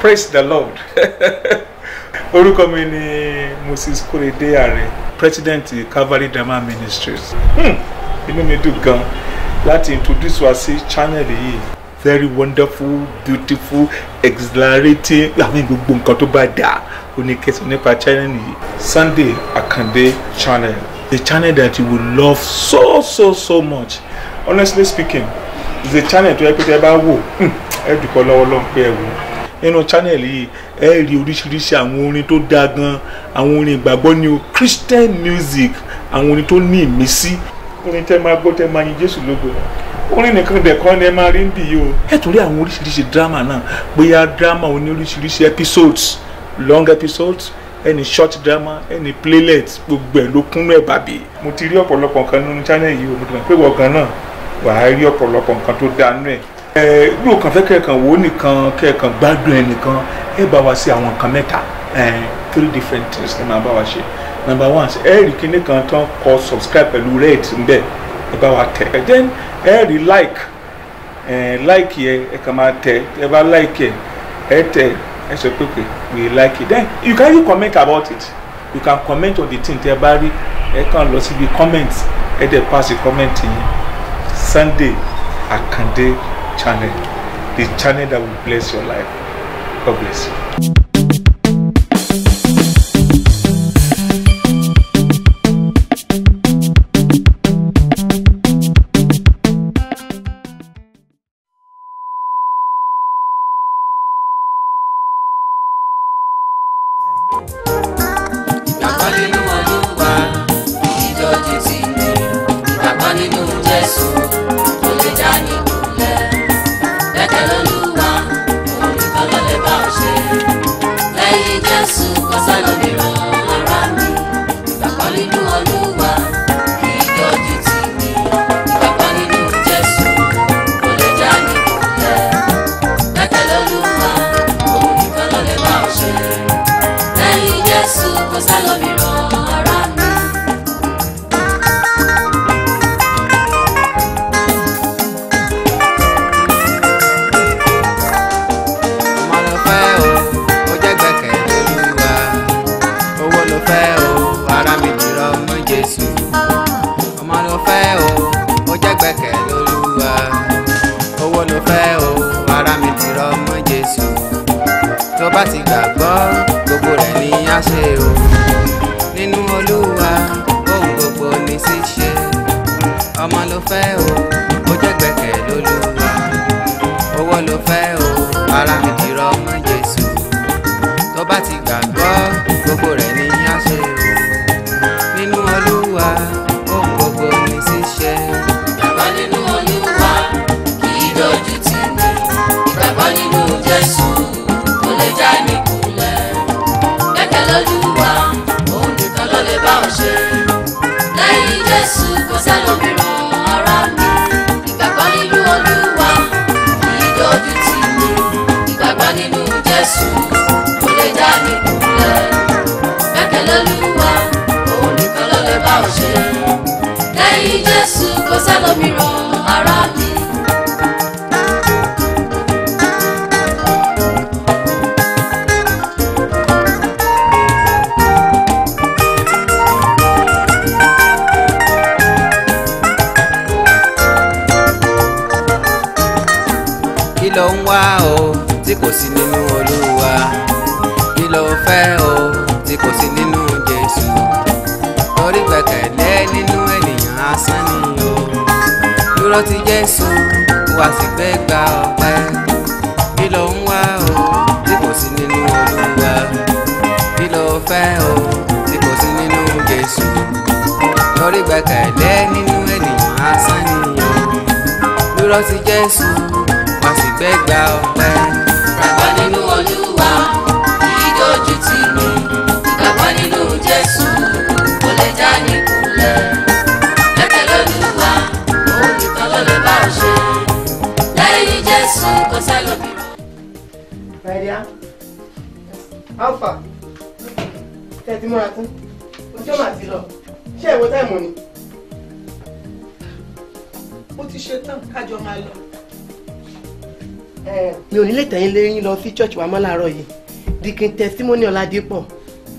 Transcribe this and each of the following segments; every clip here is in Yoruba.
praise the lord orúkọ mi ni moses kórèdé ààrẹ president calvary drama ministries hmm, inú mi dùn gan láti introduce wa sí channel yìí very wonderful beautiful exhilarating àwọn gbogbo nǹkan tó bá dà oníkẹsàn nípa channel yìí sunday akande channel the channel that you will love so so so much honestly speaking the channel tó yẹ pé tẹ bá wò hmm, ẹ dúpọ́ lọ́wọ́ pé ẹ wò nínú channel yìí ẹ rí oríṣiríṣi àwọn orin tó dáa gan àwọn orin ìgbàgbọ́ ni o christian music àwọn orin tó ní ìmísí orin tẹ máa gbọ́ tẹ máa yin jésù lógo orin nìkan dẹ̀kan ni ẹ máa rí ń bì yìí o. ẹ tún àwọn oríṣiríṣi drama náà bóyá drama oní episodes long episodes ẹni short drama ẹni playlet gbogbo ẹ ló kúnú ẹ bàbí. mo ti rí ọ̀pọ̀lọpọ̀ nǹkan nínú channel yìí o mo ti mọ̀ pé wọ̀ọ̀gán náà wàá rí ọ̀pọ̀lọpọ̀ nǹkan tó dáa nínú ẹ̀ ẹ bí o kàn fẹ́ kẹ̀kan wò ó nìkan kẹ̀kan gbádùn ẹ nìkan ẹ bá wa ṣe àwọn nǹkan mẹ́ta three different things ni màá bá wa ṣe number one ẹ rí kíní kan tán kọ subscribe pẹ̀lú red ńbẹ ẹ bá wa tẹ ẹ then ẹ rí like ẹ like yẹ ẹ kàn máa tẹ ẹ bá like yẹ ẹ tẹ ẹ sọ pé pé we like it then you can you comment about it you can comment on the thing tẹ bá rí ẹ kàn lọ síbi comment ẹ dẹ̀ pass the comment yẹn Sunday Akande channel, the channel that will bless your life. God bless you. lọ́wọ́ ti Jésù wà sí fẹ́ gba ọpẹ́ kí ló ń wá o tí kò sí nínú Olúwa kí ló fẹ́ o tí kò sí nínú Jésù lórí gbẹ́kẹ̀lé nínú ènìyàn asán nìyẹn dúró ti Jésù wà sí fẹ́ gba ọpẹ́. ìgbàgbọ́ Jésù kò sẹ́lòmí. My dear, how far? Tẹ̀tí múra tán. Ojú ọmọ àti lọ. Ṣé ìwọ táìmù ni? Mo ti ṣe tán kájọ máa lọ. Mi ò nílé tẹ̀yìn léyìn lọ sí church wa mọ́ láàárọ̀ yìí. Dikin testimony Ọládípọ̀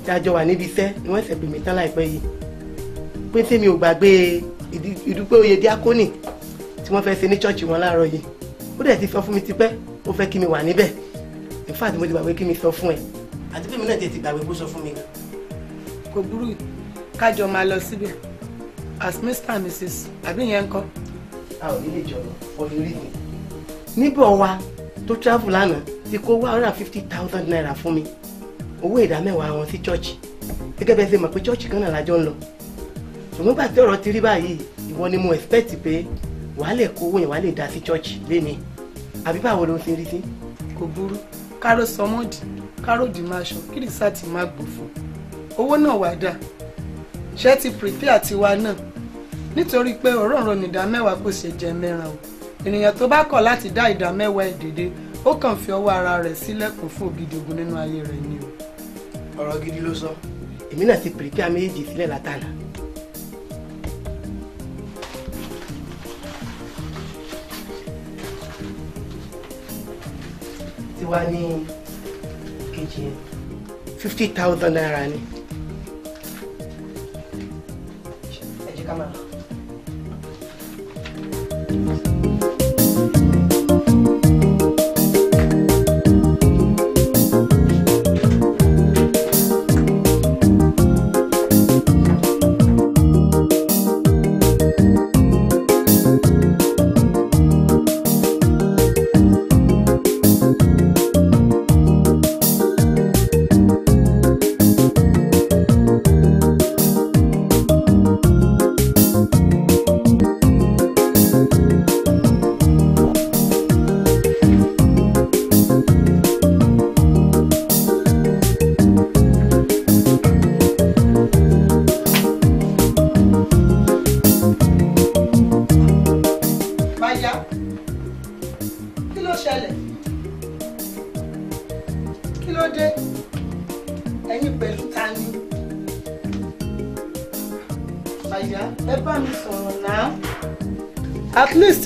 tí a jọ wà níbi iṣẹ́ ni wọ́n ṣẹ̀ pè mí tán láìpẹ́ yìí. Pé tí mi ò gbàgbé ìdúpẹ́ oyè díákónì tí wọ́n fẹ́ ṣe ní church wọn láàárọ̀ yìí ó dẹ̀ ti sọ fún mi tipẹ́ ó fẹ́ kí mi wà níbẹ̀ in fact mo ti gbàgbé kí mi sọ fún ẹ àti pé mi náà ti gbàgbé kó sọ fún mi. kò burú kájọ máa lọ síbẹ̀ as mr and mrs àbí yẹn ń kọ́. a ò nílé ìjọba ọdún rí mi. níbọ̀ wa tó travel lánàá ti kó one hundred and fifty thousand naira fún mi owó ìdámẹ́wàá wọn sí chọ́ọ̀chì gẹ́gẹ́ bẹ́ẹ̀ ṣe mọ̀ pé chọ́ọ̀chì kan náà lájọ ń lọ ṣùgbọ́n gbà tí ọ̀rọ̀ ti rí báyìí ìwọ ni mo expect pé wàá lè kówó yẹn wàá lè dá sí chọ́ọ̀chì lénìí àbí báwo ló ń ṣe rí sí. kò burú káró sọmọdì káró dì máa ṣọ kí rìsá ti máa gbò fún owó náà wà dà ṣé ti prepare tiwa náà nítorí pé ọ̀rọ̀ ọ̀rọ̀ ní ìdá mẹ́wàá kò ṣe jẹ mẹ́ràn o ènìyàn tó bá kọ̀ láti dá ìdá mẹ́wàá ìdèdè ó kàn fi ọwọ́ ara rẹ̀ sílẹ̀kùn fún ògidì ogun nínú ayé rẹ̀ ni o. ọ̀rọ̀ gidi ló sọ èmi náà ti prepare méjèèjì sílẹ̀ látàlá wá ní kejì yẹn fifty thousand naira ni. ẹ jẹ́ ká máa.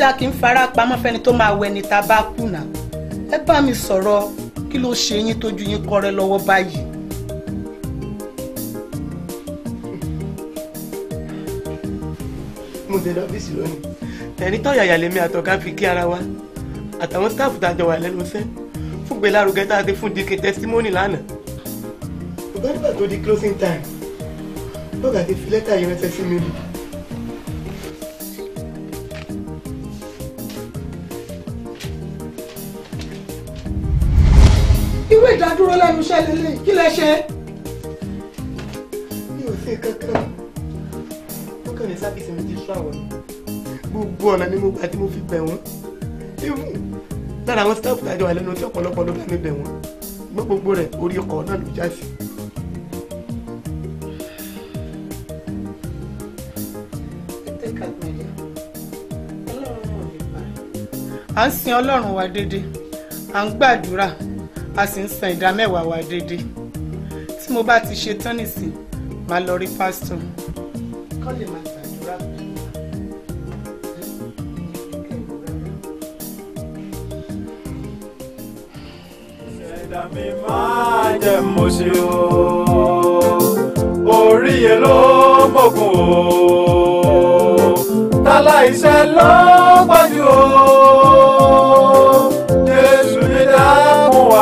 a kì í fara pamọ́ fẹ́ni tó máa wẹni tá a bá kùnà ẹ bá mi sọ̀rọ̀ kí ló ṣe yín tójú yín kọ́rẹ́ lọ́wọ́ báyìí. mo dé lọ́fíìsì lónìí ẹ̀rí tó yàyà lèmi àtọ̀gá fi kí ara wa àtàwọn sáàfù tá a jọ wà lẹ́nu iṣẹ́ fún gbẹlárugẹ tá a ti fún dikin tẹsítímọ́nì lánàá. ọ̀gá nígbà tó di closing time lọ́gà ti fi lẹ́tà yẹn rẹ́sẹ̀ sí mi rí i. ṣe lélẹ̀ kí lẹ ṣe. mi ò ṣe kankan ó kàn ní sáfìsì mi ti sún àwọn gbogbo ọ̀nà ni mo gbà tí mo fi bẹ̀ wọ́n lára àwọn sítáàfù tàjọ àìlẹ́nu tí ọ̀pọ̀lọpọ̀ ló bá mi bẹ̀ wọ́n gbọ́ gbogbo rẹ̀ orí ọkọ̀ náà ló já sí. à ń sin ọlọ́run wa déédéé à ń gbàdúrà a sì ń san ìdá mẹ́wàá wa déédéé tí mo bá ti ṣe tán nìsín màá lọ rí pásítọ̀ kọ́ máa ṣàdúrà mo ṣe o orí yẹn e ló gbógun o tálá iṣẹ́ ló gbájú o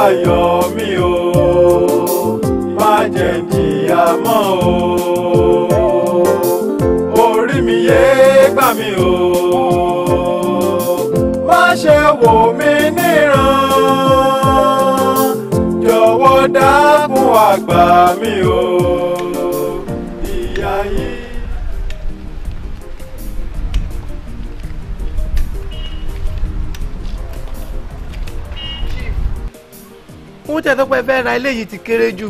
ayọ̀ mi o má jẹ́ jìyà mọ́ o orí mi yé gbà mí o má ṣe wò mí níran jọ̀wọ́ dákun àgbà mi o. owó tẹ̀ tó pẹ́ fẹ́ ra eléyìí ti kéré jù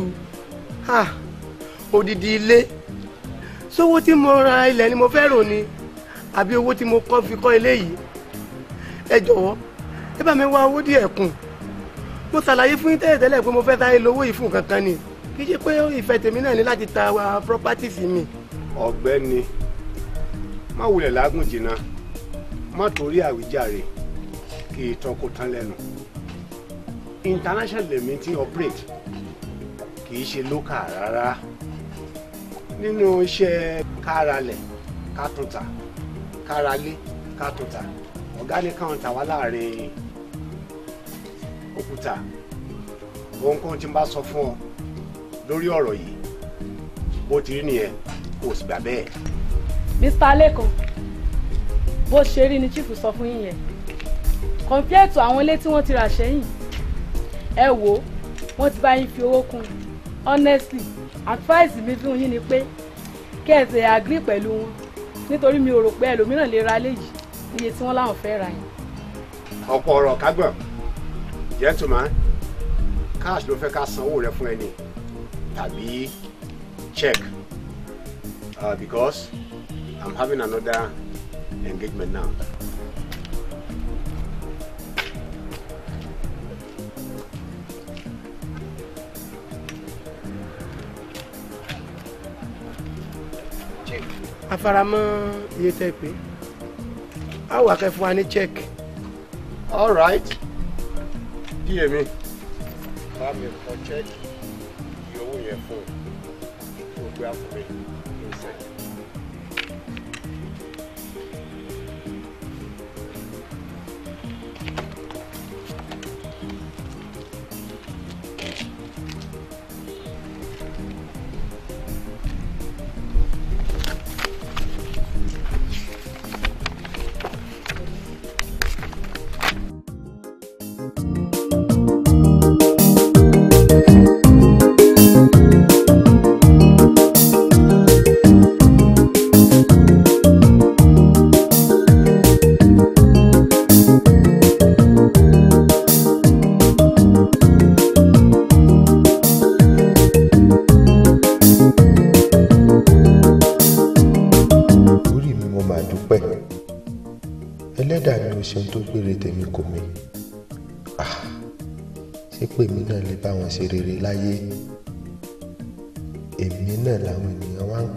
odidi ilé sówó tí mo ra ilẹ̀ ni mo fẹ́ rò ni àbí owó tí mo kọ́ fi kọ́ eléyìí ẹ jọ̀wọ́ ẹ bá mi wá owó díẹ̀ kù mo ṣàlàyé fún yín tẹ́lẹ̀ tẹ́lẹ̀ pé mo fẹ́ sáré lówó yìí fún nǹkan kan ni kì í ṣe pé ìfẹ́ tèmi náà ní láti ta properties mi. ọ̀gbẹ́ni má wulẹ̀ lágùn jìnnà má torí àwíjàre kì í tán tán lẹ́nu international lèmi operate kì í ṣe local rárá nínú iṣẹ́ káralẹ̀ kátúntà káralé kátúntà ọ̀gá ní káwọn tà wá láàrin òkúta ohun kan tí n bá sọ fún ọ lórí ọ̀rọ̀ yìí bó ti rí nìyẹn kò sì gbà bẹ́ẹ̀. Mr. Lekan bó ṣe rí ni chief sọ fún yín yẹn kọ̀ǹpẹ́ẹ̀tù àwọn ilé tí wọ́n ti rà sẹ́yìn ẹ wò ó wọ́n ti bá yín fi owó kún honestly advice mi fún yín ni pé kí ẹ ṣe agree pẹ̀lú wọn nítorí mi ò rò pé ẹlòmíràn lè ra léyìí iye tí wọ́n láwọn fẹ́ ra yẹn. ọ̀pọ̀ ọ̀rọ̀ kágbọ̀n gentleman cash ló fẹ́ ká sanwó rẹ fún ẹni tàbí check uh, because I'm having another engagement now. afaramọ́ iye tẹ́ pé a wà kẹ́ fún wa ní check. all right díẹ̀ mi bá mi kọ check iye owó yẹn fún un kí o gbé àfọ̀mẹ́ ní sẹ́yìn.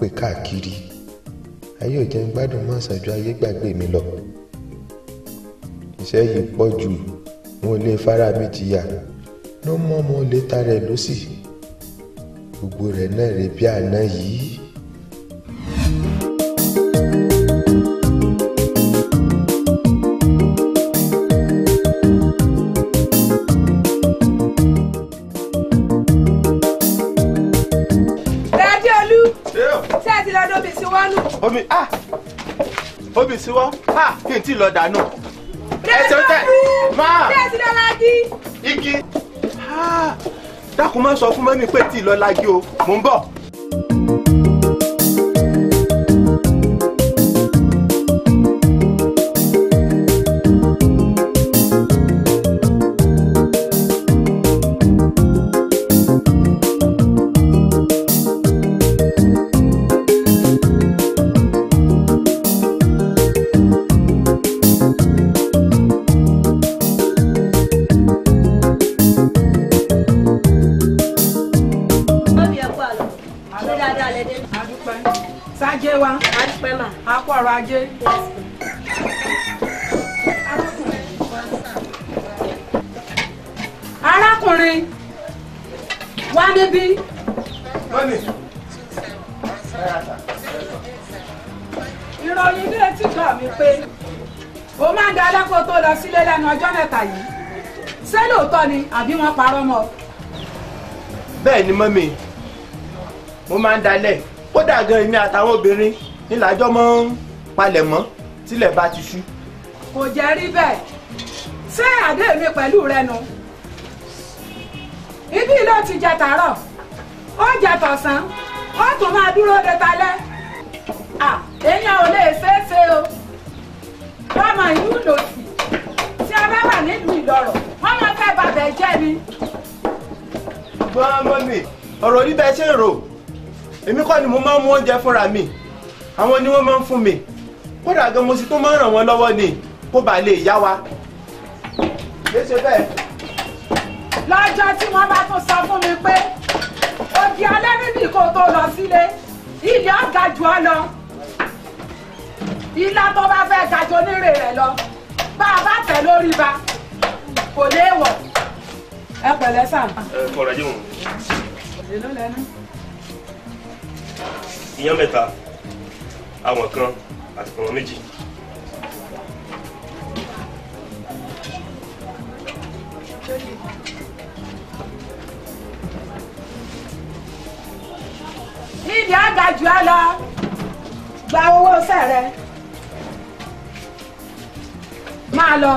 pè káàkiri ayé ò jẹ́ ń gbádùn mọ́ ṣàjọ ayé gbàgbé mi lọ iṣẹ́ yìí pọ̀ jù wọn lè fara mi jìyà ló mọ́ ọmọ olè ta rẹ̀ lọ́sì gbogbo rẹ̀ náà rè bí àná yìí. kí n tí lọ dànù. ẹsẹ̀ tẹ máa igi ah, dákun má sọ fún mọ́mí pé tí lọ lagi o mò ń bọ̀. bí wọ́n parọ́ mọ́. bẹ́ẹ̀ ni mọ́mì mo máa ń dalẹ̀ kódà gan èmi àtàwọn obìnrin nílàjọ́ mọ́ ń palẹ̀ mọ́ tílẹ̀ bá ti ṣú. kò jẹ́ rí bẹ́ẹ̀ ṣé àdé mi pẹ̀lú rẹ nu ibi ló ti jẹ tàárọ̀ ó jẹ tọ̀sán ó tún máa dúró de talẹ́ èèyàn ò lè ṣe ṣùgbọ́n mọ́mì ọ̀rọ̀ orí bẹ́ẹ̀ ṣe ń rò èmi kọ́ ni mo máa ń mú oúnjẹ fúnra mi àwọn ni wọ́n máa ń fún mi kódà gan mo sì tún máa ń ràn wọ́n lọ́wọ́ ni kó bàa lè yá wa. léṣe bẹ́ẹ̀. lọ́jọ́ tí wọ́n bá tún sọ fún mi pé òdì alẹ́ níbi kò tó lọ sílé ilé ọ̀gá jù ọ lọ ilá tó bá fẹ́ gajọ onírè rẹ̀ lọ bá a bá tẹ̀ lórí ba kò léèwọ̀ ẹ pẹ̀lẹ́ sàn. ẹ kọrọ ajé wọn. èló lẹnu. ìyàn mẹ́ta àwọn kan àti àwọn méjì. nídìí àgàjù ẹ lọ gba owó sẹ́rẹ̀ máa lọ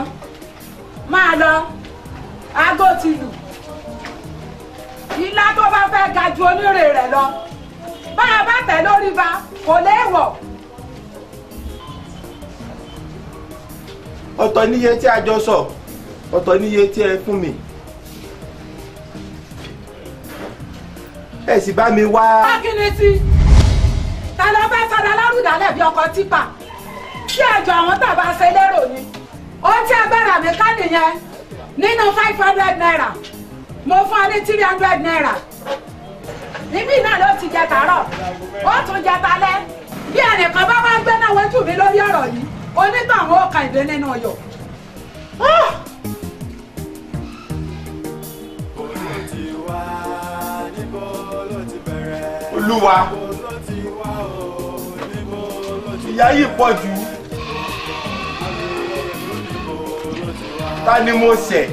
máa lọ aago ti lù ilá tó bá fẹ́ ga ju onírè rẹ̀ lọ bá a bá tẹ̀ lórí ba kò léèwọ̀. ọ̀tọ̀ níye tí a jọ sọ ọ̀tọ̀ níye tí ẹ fún mi. ẹ sì bá mi wá. bákìnrin ti ta ló fẹ́ sọ̀rọ̀ alárùdálẹ̀ bí ọkọ̀ tipa tí àjọ àwọn tàbá ṣe lérò ni ó ti agbára mi ká nìyẹn nínú five hundred naira mo fún ọ ní three hundred naira níbí náà ló ti jẹ tàárọ̀ ó tún jẹ talẹ́ bí ẹnìkan bá wá gbé náà wọ́n jù lórí ọ̀rọ̀ yìí onítàwọn ó ka ìdè nínú ọyọ. Ah! olúwa ìyá yìí pọ̀ jù ta ni mo ṣẹ̀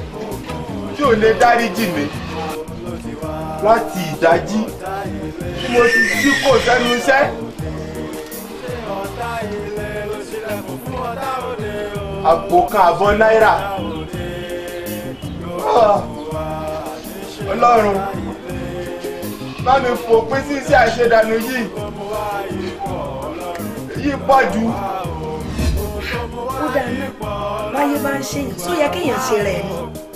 tí ò lè dáríjì mi láti ìdájí tí mo ti ṣí kò sẹ́nu iṣẹ́. àpò kan àbọ̀ náírà ah, ọlọ́run bá mi fòpin sí iṣẹ́ àṣedànù yìí yìí pọ̀ jù ó dáa náà báyé bá ń ṣe tó yẹ kéèyàn ṣe rẹ̀ ni.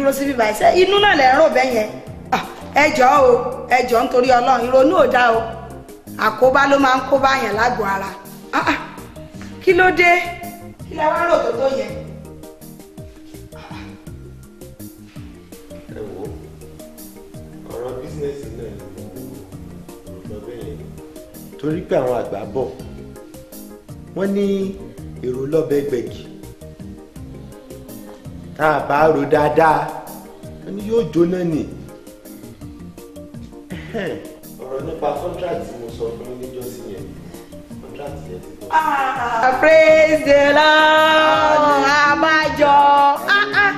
dúró síbí báyìí ṣé inú náà lẹ̀ ń bẹ́ẹ̀ yẹn o ẹ nítorí ọlọ́run ìrònú o àkóbá ló máa ń kó báyàn lágbo ara kí ló dé kí la wá rò tó tó yẹ. torí pé àwọn tá a bá rò dáadáa ẹni yóò jóná nì. ọ̀rọ̀ nípa contract mo sọ fún mi níjọ́ sí yẹn contract yẹn ti bọ̀. Ah, praise the Lord abájọ ah,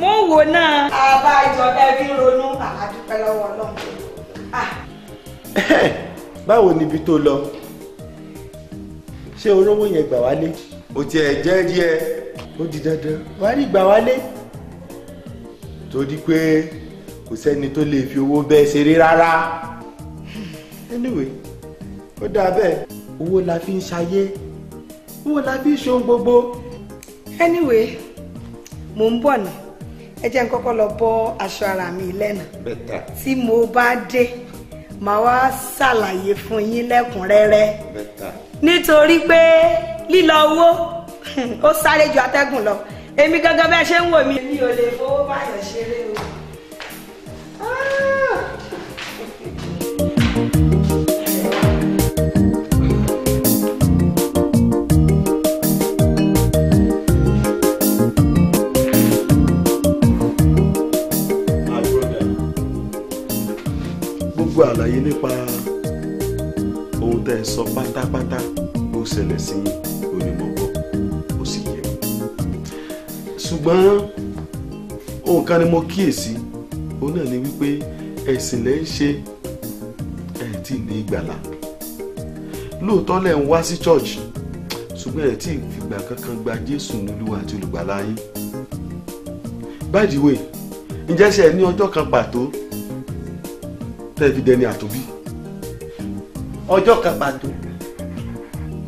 mo ń wò náà. abájọ ẹbí ronú àdúpẹ́ ah, lọ́wọ́ Ọlọ́run. báwo níbi tó lọ ṣé orówó yẹn gbà wálé. o tiẹ̀ jẹ́ rí ó di dandan wàá rí ìgbà wálé torí pé kò sẹ́ni tó lè fi owó bẹ́ẹ̀ ṣeré rárá anyway ó dáa bẹ́ẹ̀ owó la fi ń ṣayé owó la fi ń ṣohun gbogbo. anyway mò ń bọ̀ ni ẹ jẹ́ n kọ́kọ́ lọ bọ́ aṣọ ara mi lẹ́nà tí mo bá dé màá wá ṣàlàyé fún yín lẹ́kùnrẹ́rẹ́ nítorí pé lílọ owó ó sáré ju atẹ́gùn lọ èmi gangan bẹ́ẹ̀ ṣe ń wò mí. èmi ò lè fowó báyọ̀ ṣeré o. Ah! gbogbo àlàyé nípa ohun tẹ́ ẹ sọ pátápátá ó ṣẹlẹ̀ sí yín. ṣùgbọ́n ohun kan ni mo kíyèsí òun náà ni wípé ẹ̀sìn lẹ́ ń ṣe ẹ̀ tí ní ìgbàlà lóòótọ́ lẹ́ ń wá sí church ṣùgbọ́n ẹ̀ tí ìgbà kankan gba Jésù nílùú àti olùgbàlà yín by the way ǹjẹ́ ṣe ẹ̀ ní ọjọ́ kan pàtó tẹ́ fi dẹni àtòbí. ọjọ́ kan pàtó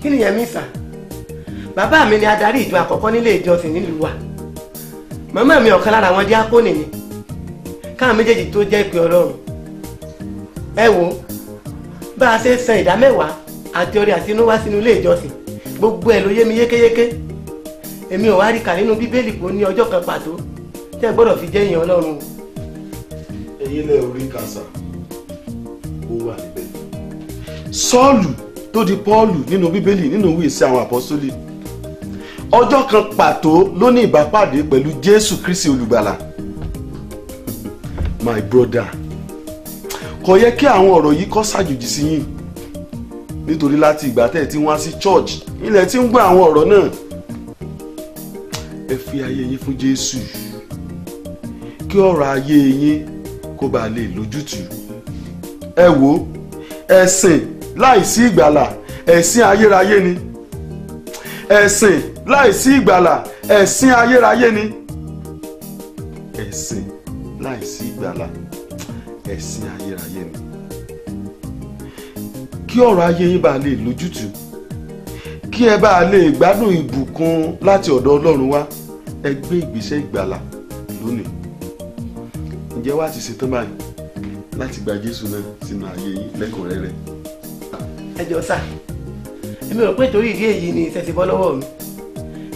kí nìyẹn mi sà bàbá mi ni adarí ìjọ àkọ́kọ́ nílé ìjọsìn nílùú wa màmá mi ọ̀kan lára àwọn díákónì ni káwọn méjèèjì tó jẹ́ ìpè ọlọ́run ẹ wo bá a ṣe ń san ìdá mẹ́wàá àti ọrẹ àti inú wá sínú ilé ìjọsìn gbogbo ẹ̀ ló yé mi yékéyéké èmi ò wá rí kà nínú bíbélì kò ní ọjọ́ kan pàtó tẹ́ gbọ́dọ̀ fi jẹ́ ìyàn ọlọ́run o. èyí lè orí kàṣà ó wà níbẹ̀ sọ́ọ̀lù tó di pọ́ọ̀lù nínú bíbélì nínú ìwé ìṣe àwọn àpọ́sólì ọjọ́ kan pàtó ló ní ìbápàdé pẹ̀lú Jésù Kristi olùgbàlà my brother kò yẹ kí àwọn ọ̀rọ̀ yìí kó ṣàjòjì sí yín nítorí láti ìgbà tẹ̀ tí wọ́n á sí church ilẹ̀ tí ń gbọ́ àwọn ọ̀rọ̀ náà ẹ fi ayé yín fún Jésù kí ọ̀rọ̀ ayé yín kó ba lè lójútùú ẹ wo ẹ̀sìn láìsí ìgbàlà ẹ̀sìn ayérayé ni ẹ̀sìn láìsí ìgbàlà ẹ̀sìn ayérayé ni ẹ̀sìn láìsí ìgbàlà ẹ̀sìn ayérayé ni kí ọ̀rọ̀ ayé yín bá lè lójútùú kí ẹ bá lè gbádùn ìbùkún láti ọ̀dọ̀ Ọlọ́run wá ẹ gbé ìgbésẹ̀ ìgbàlà lónìí ǹjẹ́ wàá ti ṣetán báyìí láti gba Jésù náà sínú ayé yín lẹ́kùnrẹ́rẹ́. ẹ jọ sá èmi ò pé torí ìdí èyí ni ìṣẹ̀sìn bọ́ lọ́wọ́ mi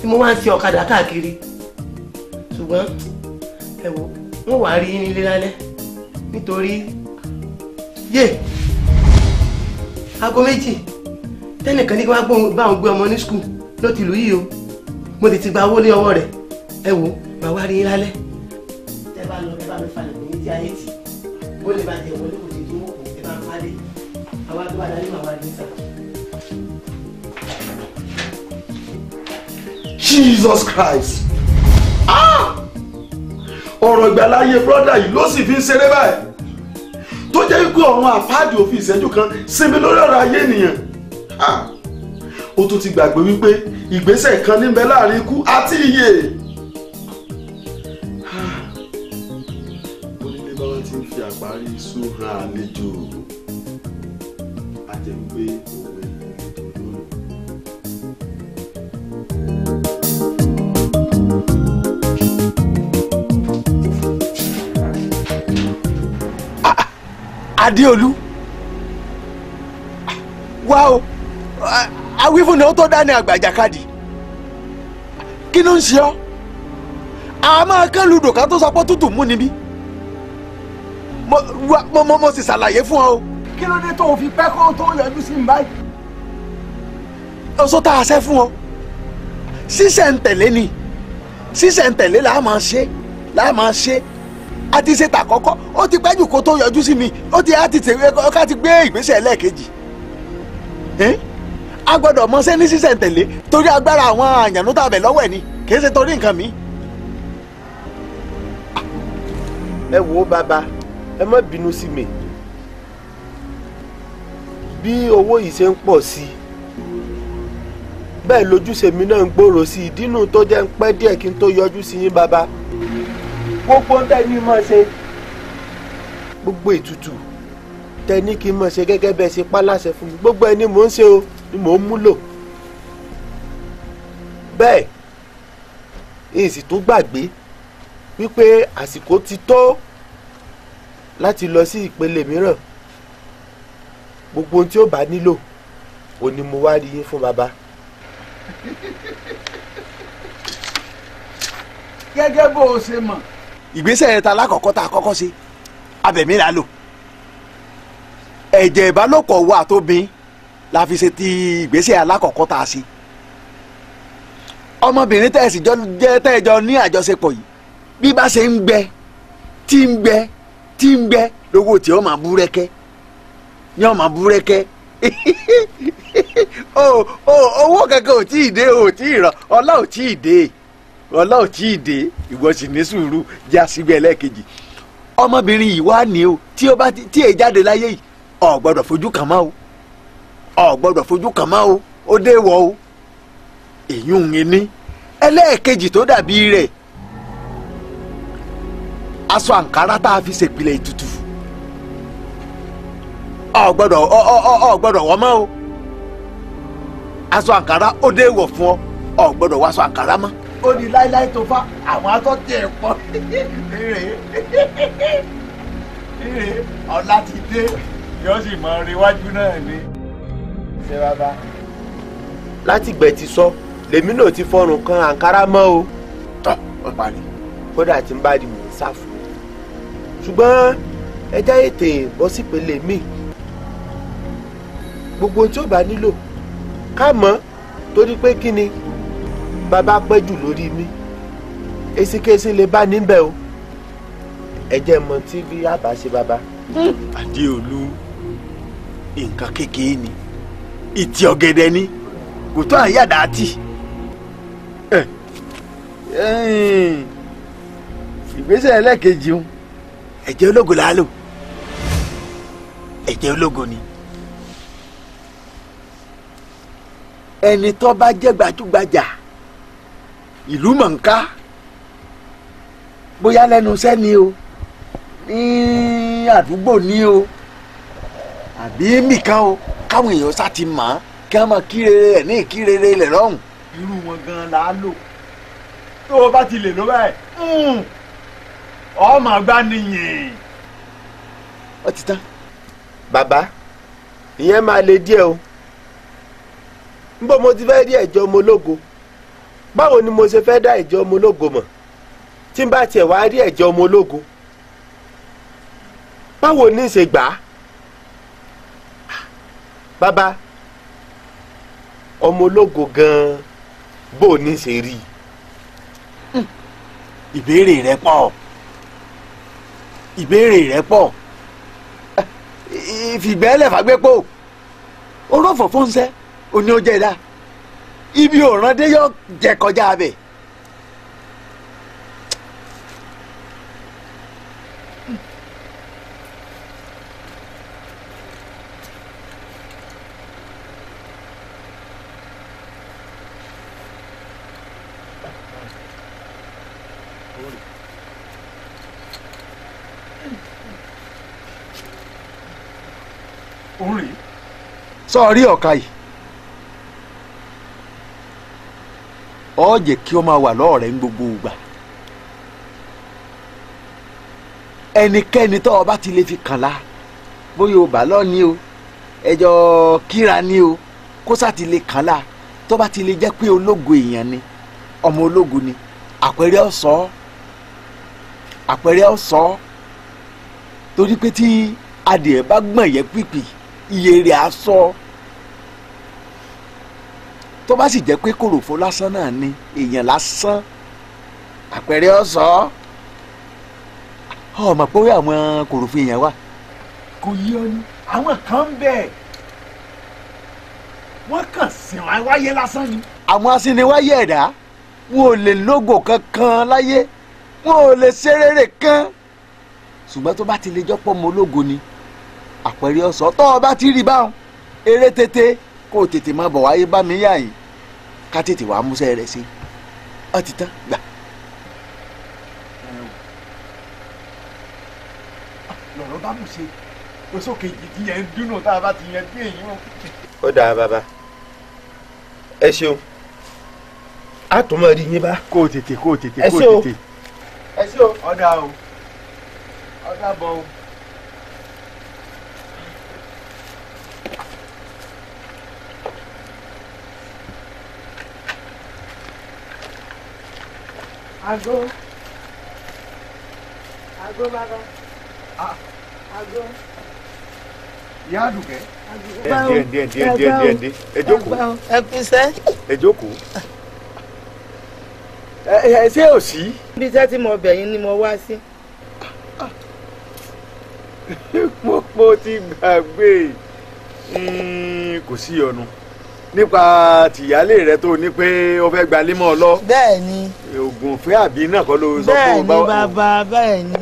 tí mo wá ń ṣe ọ̀kadà káàkiri ṣùgbọ́n ẹ wò wọ́n wàá rí yín nílé lálẹ́ nítorí yé aago méjì tẹ́nìkan ní kí wọ́n bá òun gbé ọmọ ní skul ló ti lù yìí o mo ti ti gba owó ní ọwọ́ rẹ̀ ẹ màá wá rí yín lálẹ́. tẹ́ bá lọ tẹ́ bá mi falẹ̀ ní di ayé tì bó lè bàjẹ́. Jesus Christ ah! ọ̀rọ̀ ìgbàláyé brọ́dà yìí ló sì fi ń ṣeré báyìí tó jẹ́ pé ọ̀run àpáàdì òfin ìṣẹ́jú kan sinmi lórí ọ̀rọ̀ ayé ènìyàn ah! ó tún ti gbàgbé wípé ìgbésẹ̀ kan níbẹ̀ láàrin ikú àti ìyè. Ah! onílé bá wọn ti ń fi àparí iṣu hàn àlejò. adéolú wá o awífúnni ó tó dání àgbàjá káàdì kí ló ń ṣe ọ́ a máa kán ludò ká tó sọ pé tútù mú níbí mo mo mo sì ṣàlàyé fún ọ o. kí ló dé tó o fi pẹ́ kó tó yọjú sí mi ọsọ tá a ṣe fún ọ ṣíṣẹ̀ ń tẹ̀lé ni ṣíṣẹ̀ ń tẹ̀lé là á máa ṣe là á máa ṣe a ti ṣe tà kọ́kọ́ ó ti pẹ́jù kó tó yọjú sí mi ó ti á ti tèwé ká ti gbé ìgbésẹ̀ ẹlẹ́ẹ̀kejì a gbọ́dọ̀ mọṣẹ́ ní sísẹ̀ntẹ̀lé torí agbára àwọn àyànnú tàbẹ̀ lọ́wọ́ ẹ̀ ni kì í ṣe torí nǹkan mi. ẹ wo bàbá ẹ má bínú sí mi bí owó yìí ṣe ń pọ̀ sí i bẹ́ẹ̀ lójúṣe mi náà ń gbòòrò sí i dínú tó jẹ́ ń pẹ́ díẹ̀ kí n tó yọjú sí yín bàbá gbogbo ń tẹ́ ní mọ̀ ṣe gbogbo ètùtù tẹ́ ní kí n mọ̀ ṣe gẹ́gẹ́ bẹ́ẹ̀ ṣe pálásẹ fún mi gbogbo ẹni mò ń ṣe o ni mò ń múlò bẹ́ẹ̀ èsì tó gbàgbé wípé àsìkò ti tó láti lọ sí ìpele mìíràn gbogbo ohun tí ó bá nílò òní mo wá rí yín fún bàbá. gẹ́gẹ́ bó o ṣe mọ̀ ìgbésẹ̀ ta lákọ̀ọ́kọ́ tá a kọ́kọ́ ṣe abẹ̀mí là á lò ẹ̀jẹ̀ ìbálòpọ̀ wa tó bí la fi ṣe ti ìgbésẹ̀ alákọ̀ọ́kọ́ tá a ṣe ọmọbìnrin tẹ̀sí jẹ́ tẹ́jọ ní àjọṣepọ̀ yìí bí bá ṣe ń gbẹ tí ń gbẹ tí ń gbẹ lówó tí ó máa búrẹ́kẹ́ ní ó máa búrẹ́kẹ́ oh, oh, owó kankan ò tí ì dé ò tí ì rọ ọlá ò tí ì dé. ọlọ́ọ̀ tí ì dé ìwọ sì ní sùúrù já síbi ẹlẹ́ẹ̀kejì ọmọbìnrin yìí wá ní o tí ó bá tí èyí jáde láyé yìí fojú kàn o fojú kàn o ó dé wọ o èyí ń ní ẹlẹ́ẹ̀kejì tó dàbí rẹ̀ aṣọ àǹkárá tá a fi ṣèpìlẹ̀ o aṣọ àǹkárá ó dé wọ̀ fún ọ aṣọ ó ní láíláí tó fá àwọn atọ́tí ẹ̀ pọ̀ rèé rèé ọ̀la ti dé yóò sì mọ ríwájú náà ni. ṣé bàbá. látìgbẹ́ ti sọ lèmi náà ti fọrùn kan àǹkárá mọ́ o. tọ́ ọ parí. kódà tí ń bá di mò ń sá fún un. ṣùgbọ́n ẹ já ètè bọ́ sípele míì gbogbo tí ó bá nílò ká mọ̀ torí pé kí ni bàbá pẹ́ jù lórí mi eṣinkéṣin lè bá níbẹ̀ o ẹ jẹ́ mọ tí bí àbá ṣe bàbá. adéolú nǹkan kékeré ni ìtì ọ̀gẹ̀dẹ̀ ni kò tó àyàdá àti. ìgbésẹ̀ ẹlẹ́ẹ̀kejì ń ẹ̀jẹ̀ ológo la lò ẹ̀jẹ̀ ológo ni. ẹni tó bá jẹ́ gbajúgbajà ìlú mọ̀nká bóyá lẹ́nu iṣẹ́ ni o ní àdúgbò ni o àbí mìkan o káwọn èèyàn sá ti mọ̀ ọ́n kí wọ́n máa kírere rẹ̀ ní ìkírere rẹ̀ lọ́hùn. irú wọn gan-an là á lò tó o bá ti lè ló báyìí ọmọ àgbà nìyẹn. ó ti tán. bàbá ìyẹn máa le díẹ̀ o nbọ mo ti fẹ́ rí ẹ̀jọ́ ọmọ ológo báwo ni mo ṣe fẹ́ dá ìjọ ọmọ ológo mọ̀ tí n bá tiẹ̀ wá rí ẹ̀jẹ̀ ọmọ ológo báwo ni ṣe gbà á bàbá ọmọ ológo gan-an bó o ní ṣe rí i. ìbéèrè rẹ pọ̀ ìbéèrè rẹ pọ̀ ìfìgbẹ́lẹ̀ fàgbẹ́pọ̀ orófò fúnṣẹ́ oní ó jẹ́ dáa ibi òràn dé yóò jẹ kọjá abẹ. sọ rí ọ̀ka yìí. ọ jẹ́ kí ọ máa wà lọ́ọ̀ rẹ̀ ń gbogbo ìgbà ẹnikẹ́ni tó o bá ti lè fi kàn la bóyá o bá lọ o ẹjọ́ kíra ni o kó sá ti lè kàn la tó bá ti lè jẹ́ pé ológo èèyàn ni ọmọ ológo ni àpẹẹrẹ ọ̀sọ́ àpẹẹrẹ ọ̀sọ́ torí pé tí adìẹ bá gbọ̀n yẹ pípì iye rẹ̀ á sọ. So tó bá sì jẹ́ pé kòròfó lásán náà ni èèyàn lásán àpẹẹrẹ ọ̀sọ́ ọmọ pé ó yà àwọn kòròfó èèyàn wà. kò yí ọ ni àwọn kan ń bẹ wọ́n kàn sìn wáyé lásán ni. àwọn asiniwáyé ẹ̀dá wọn ò lè lógo kankan láyé wọn ò lè ṣerére kan ṣùgbọ́n tó bá ti lè jọ́pọ̀ mọ́ ológo ni àpẹẹrẹ ọ̀sọ́ tó o bá ti rí báwọn eré tètè kó o tètè máa bọ̀ wáyé bá mi yá yìí ká tètè wàá múṣẹ́ rẹ̀ sí ọ ti tán gbà. lọ́rọ̀ bá mú ṣe oṣooṣe jìjì yẹn ń dúnà tá a bá ti yẹn dé èyí wọn. ó dáa bàbá ẹ ṣeun a tún máa rí yín bá. kó o tètè kó o tètè kó o tètè. ẹ ṣeun ọ̀dà o ọ̀dà bọ̀ o. Ago. Ago bàbá. Ah. Ago. Ìyá Àdùkẹ́. Díẹ̀ díẹ̀ díẹ̀ díẹ̀ díẹ̀ díẹ̀. Ẹ jókòó. Ẹ kú iṣẹ́. Ẹ jókòó. Ẹ ṣé ò sí. Ibi iṣẹ́ tí mo bẹ̀ yín ni mo wá sí. Mo ti gbàgbé hmm, kò sí ọ̀nà nípa tìyálé rẹ tó ní pé ó fẹ́ gba límọ̀ lọ. bẹ́ẹ̀ni. oògùn fẹ́ àbí náà kọ́ ló sọ fún un. bẹ́ẹ̀ni bàbá bẹ́ẹ̀ni.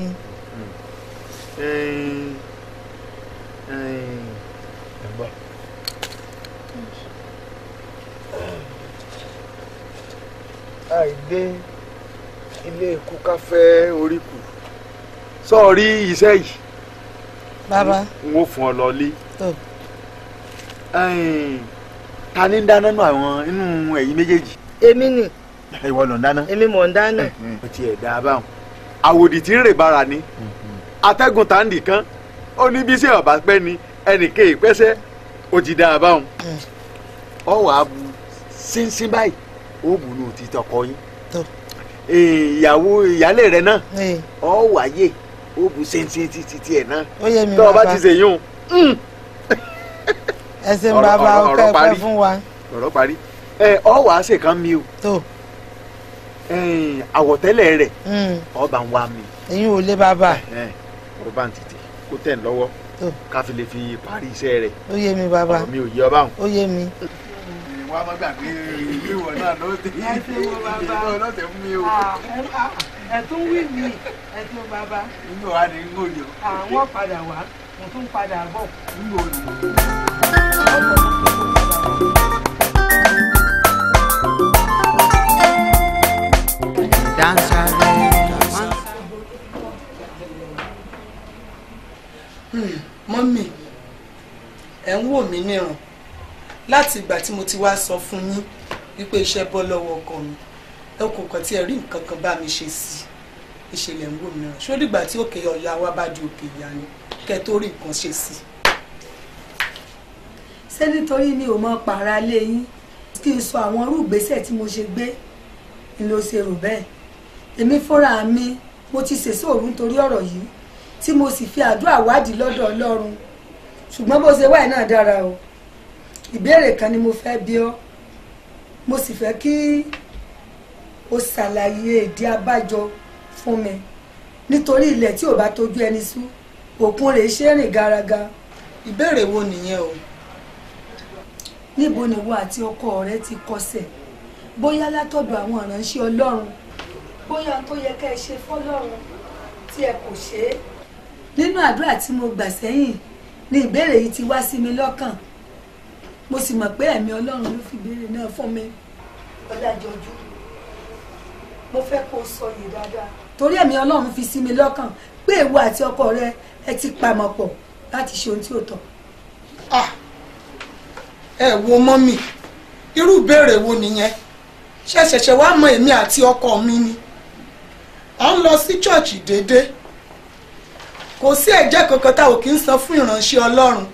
àìdé ilé ikú ká orí kù sọ́ọ̀rí iṣẹ́ yìí. bàbá. n ó fún ọ lọ lé. Oh ta ni ń dáná nù àwọn inú ẹ̀yin méjèèjì. èmi ni. ìwọ ló ń dáná. èmi mọ̀ ń dáná. o tiẹ̀ dá a báwọn. àwòdì tí ń rè bára ni atẹ́gùn tá ń dì kan ó ní bí sí ọ̀bà pẹ́ ni ẹnìkan ìpẹ́sẹ́ ó ti dá a báwọn. ọ wàá bu sínsín báyìí ó bù nù ti tọkọ yín ìyàwó ìyálé rẹ náà ọ wàá yè ó bu sínsín títí tiẹ̀ náà tọ́ ọ bá ti ṣèyún ẹ ṣe ń bàbá ọkọ ẹ pẹ́ fún wa. ọ̀rọ̀ parí ẹ ọ wà á ṣèkan mi o àwọ̀tẹ́lẹ̀ rẹ̀ hmm. ọba ń wá mi. ẹ̀yin ò lé bàbá. ọ̀rọ̀ bá ń tètè kó tẹ̀ ń lọ́wọ́ ká fi lè fi parí iṣẹ́ rẹ̀. ó yé mi bàbá ọ̀rọ̀ mi ò yé ọba hàn. ó yé mi wàá má gbàgbé ìwé ìwọ náà ló ti ìwọ náà ló ti fún mi o. Ah, ẹ̀tún ah, wí mi ẹ̀tún bàbá. inú wa ni n gbòòjò. àwọn padà wá mo tún padà bọ̀. n gbòòjò. Hmm, mọ́mì ẹ̀ ń wò mí níràn láti ìgbà tí mo ti wá sọ fún yín wípé iṣẹ́ bọ́ lọ́wọ́ ọkọ mi ẹ kò kàn tí ẹ rí nǹkan kan bá mi ṣe sí i ìṣẹ̀lẹ̀ ń wò mí níràn ṣó dìgbà tí òkè ọ̀yà wa bá di òkè ìyá ni kẹ́ tó rí nǹkan ṣe sí i. ṣé nítorí mi ò mọ pàrà lé yín kí n sọ àwọn irú ìgbésẹ̀ tí mo ṣe gbé ni ló ṣe rò bẹ́ẹ̀ èmi fúnra mi mo ti sèso òru nítorí ọ̀rọ̀ yìí tí mo sì fi àdúrà wádìí lọ́dọ̀ Ọlọ́run ṣùgbọ́n bó ṣe wáyé náà dára o ìbéèrè kan ni mo fẹ́ bi ọ́ mo sì fẹ́ kí o ṣàlàyé èdè abájọ fún mi nítorí ilẹ̀ tí ò bá tójú ẹni sú òkun rèé ṣe rìn garaga. ìbéèrè wo nìyẹn o. níbo ni wo àti ọkọ rẹ ti kọsẹ̀ bóyá látọ̀dọ̀ àwọn ìránṣẹ́ Ọlọ́run bóyá tó yẹ kẹ́ ẹ ṣe fọ́lọ́run tí ẹ kò ṣe é. nínú àdúrà tí mo gbà sẹ́yìn ni ìbéèrè yìí ti wá sí mi lọ́kàn mo sì mọ̀ pé ẹ̀mí ọlọ́run ló fi ìbéèrè náà fún mi. ọlájọjú mo fẹ́ kó o sọ yìí dáadáa. torí ẹ̀mí ọlọ́run fi sí mi lọ́kàn pé èwo àti ọkọ rẹ ẹ ti pamọ́ pọ̀ láti ṣe ohun tí ò tọ́. ẹ wo mọ́mì irú ìbéèrè wo nìyẹn ṣẹ̀ṣẹ̀ṣẹ̀ wá mọ èmi àti ọkọ mi ni. Ah, eh, à ń lọ sí chọ́ọ̀chì déédéé kò sí ẹ̀jẹ́ kankan tá ò kí ń san fún ìránṣẹ́ ọlọ́run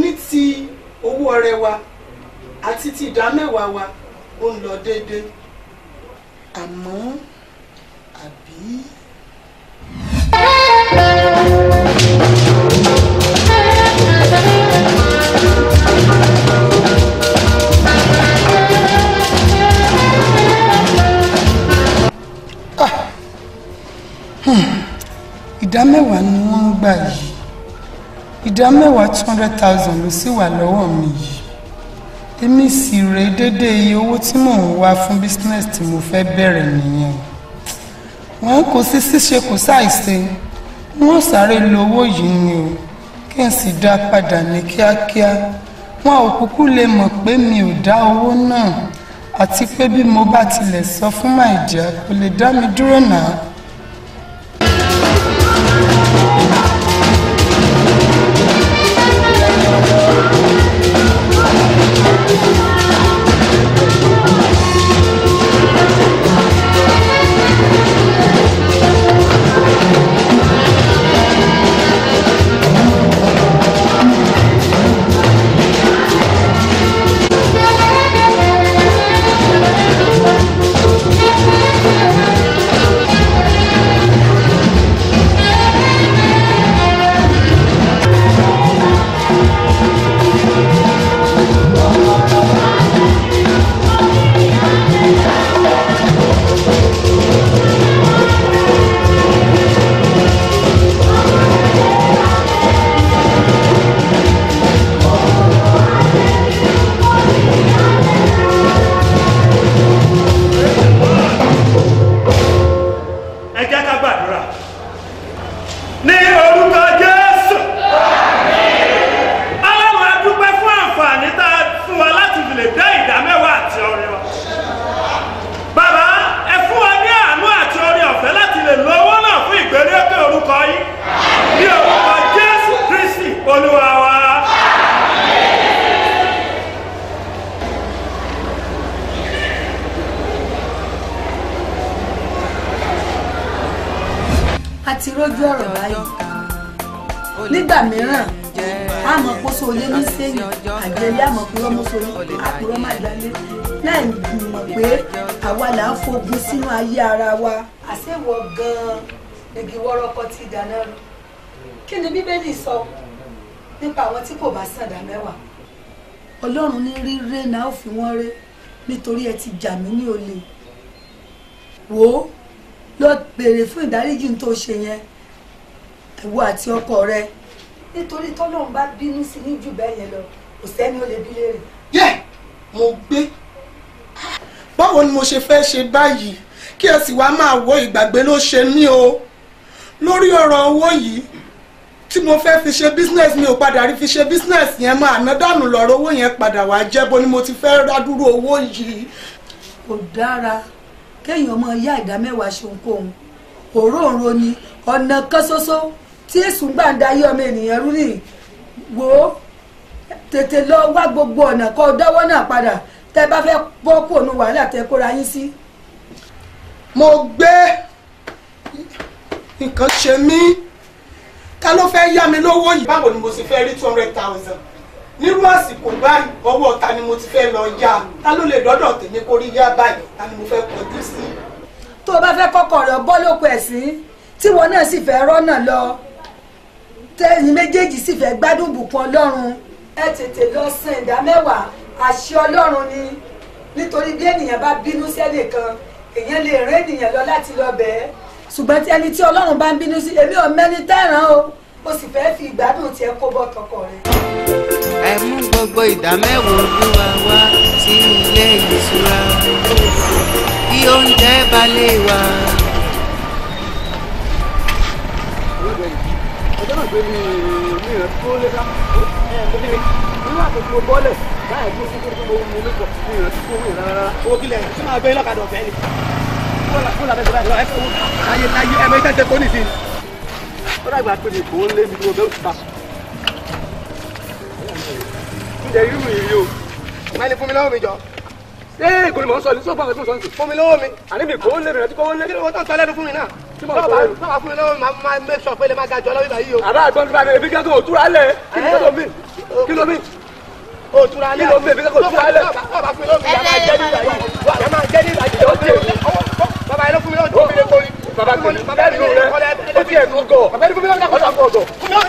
ní ti owó ọrẹ wa àti ti ìdámẹ́wàá wa ó ń lọ déédéé àmọ́ àbí. ìdá mẹ́wàá ni wọ́n ń gbà yìí ìdá mẹ́wàá two hundred thousand ló sì wà lọ́wọ́ mi yìí èmi sì rèé déédéé iye owó tí mò ń wá fún business tí mo fẹ́ bẹ̀rẹ̀ nìyẹn wọn kò sí ṣíṣe kò ṣàìṣe wọn sáré lo owó yìí ni o kí n sì dá padà ní kíákíá wọn ò kúkú lè mọ̀ pé mi ò dá owó náà àti pé bí mo bá tilẹ̀ sọ fún màìjá kò lè dá mi dúró náà fi wọ́n ré nítorí ẹ ti jà mí ní olè wò ó lọ béèrè fún ìdáríjì tó ṣe yẹn ìwọ àti ọkọ rẹ nítorí tọ́lọ́run bá bínú sí ní jù bẹ́ẹ̀ yẹn lọ kò sẹ́ni ó lè bí léèrè. yẹ mo gbé báwo ni mo ṣe fẹ́ ṣe báyìí kí ẹ sì wá máa wo ìgbàgbé ló ṣe mí o lórí ọ̀rọ̀ owó yìí tí mo fẹ́ fi ṣe business mi ò padà rí fi ṣe business yẹn máa ná dànù lọ́rọ̀ owó yẹn padà wá jẹ́ bó ni mo ti fẹ́ rádúró owó yìí. kò dára kéèyàn ọmọ ìyá ìdá mẹ́wàá ṣe ohunkóhun òróǹro ni ọ̀nà kan ṣoṣo tí èṣù gbà ń dayé ọmọ ènìyàn rú nìyí wò ó tètè lọ wá gbogbo ọ̀nà kó o dọ́wọ́ náà padà tẹ́ bá fẹ́ bọ́ kúrò ní wàhálà tẹ́ kóra yín sí. mo gbé nǹkan ṣe mí ká ló fẹ́ yá mi lówó yìí báwo ni mo sì fẹ́ rí two hundred thousand nírú àsìkò báyìí ọwọ́ ta ni mo ti fẹ́ lọ yá ta ló lè dọ́dọ̀ tèmi kó rí yá báyìí ta ni mo fẹ́ kọjú sí. tó o bá fẹ́ kọ́kọ́ rẹ̀ bọ́ lóko ẹ̀sìn tí wọn náà sì fẹ́ rọ́nà lọ tẹ̀yin méjèèjì sì fẹ́ gbádùn bùkún ọlọ́run ẹ tètè lọ san ìdá mẹ́wàá àṣẹ ọlọ́run ni nítorí bí ènìyàn bá bínú sẹ́nìkan èèyàn lè rán ènìyàn lọ láti lọ bẹ̀ẹ́ ṣùgbọ́n tí ẹni tí ọlọ́run bá ń bínú sí èmi ò mẹ́ni tẹ́ràn o ó sì fẹ́ fi ìgbádùn tiẹ̀ kó bọ́ tọkọ rẹ̀. ẹ mú gbogbo ìdá mẹ́wàá olúwa wá sí ilé ìṣúra kí oúnjẹ bá lè wà. ọjọ́ náà gbé mi mi rẹ̀ tó lé ká nínú àtòkù bọ́ọ̀lẹ̀ báyìí tó fún kókó mo mú mi pọ̀ mi rẹ̀ tó mi rárá. owó kílẹ̀ tí màá bẹ́ lọ́kadà ọ̀fẹ́ ni ayé ayé ẹ̀mọ iṣẹ́ ṣe kó nìsín. ó dàgbà pé mi kò ń lé mi ní ọbẹ̀ òkúta. ǹjẹ́ irú ìrírí o máa ní fún mi lọ́wọ́ mi jọ. ee kò ní mọ̀ ń sọ ní sọ́gbà ọ̀sán sọ́nsì. fún mi lọ́wọ́ mi. àní mi kò ń lé mi rẹ̀ tí kò ń lé. kí ló wọ́n tán tán lẹ́nu fún mi náà. báwa bàbá yẹn ló fún mi lọ́wọ́ tó mi lé kórí. bàbá kò ní bàbá yẹn ló rẹ ó ti ẹ̀ gọ́gọ́ bàbá yẹn ló fún mi lọ́wọ́ tó mi lé kórí.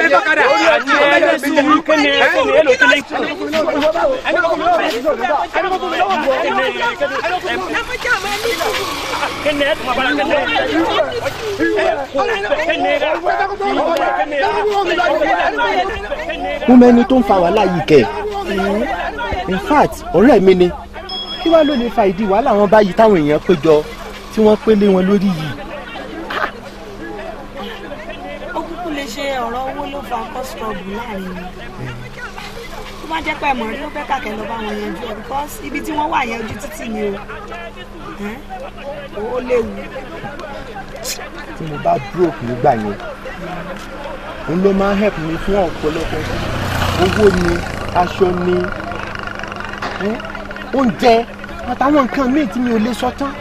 bẹ̀rẹ̀ tọ́kadà. kúmẹ́ ni tó ń fa wàhálà yìí kẹ̀ in fact ọ̀rẹ́ mi ni kí wàá ló lè fa ìdí wàhálà wọn báyìí táwọn èèyàn péjọ tí wọ́n pélé wọn lórí yìí. ọ̀rọ̀ owó ló fa kọ́sítọ́ọ̀bù láàrin wọn tó bá jẹ́ pé ẹ̀mọ̀ rí ló fẹ́ kàkẹ́ lọ bá wọn yanjú ẹ̀ because ibi tí wọ́n wà yẹn ojú títì ni o ó léwu. tí mo bá broke nígbà yẹn n ló máa help mi fún ọ̀pọ̀lọpọ̀ owó ni aṣọ ni oúnjẹ àtàwọn nǹkan míì tí mi ò lè sọ tán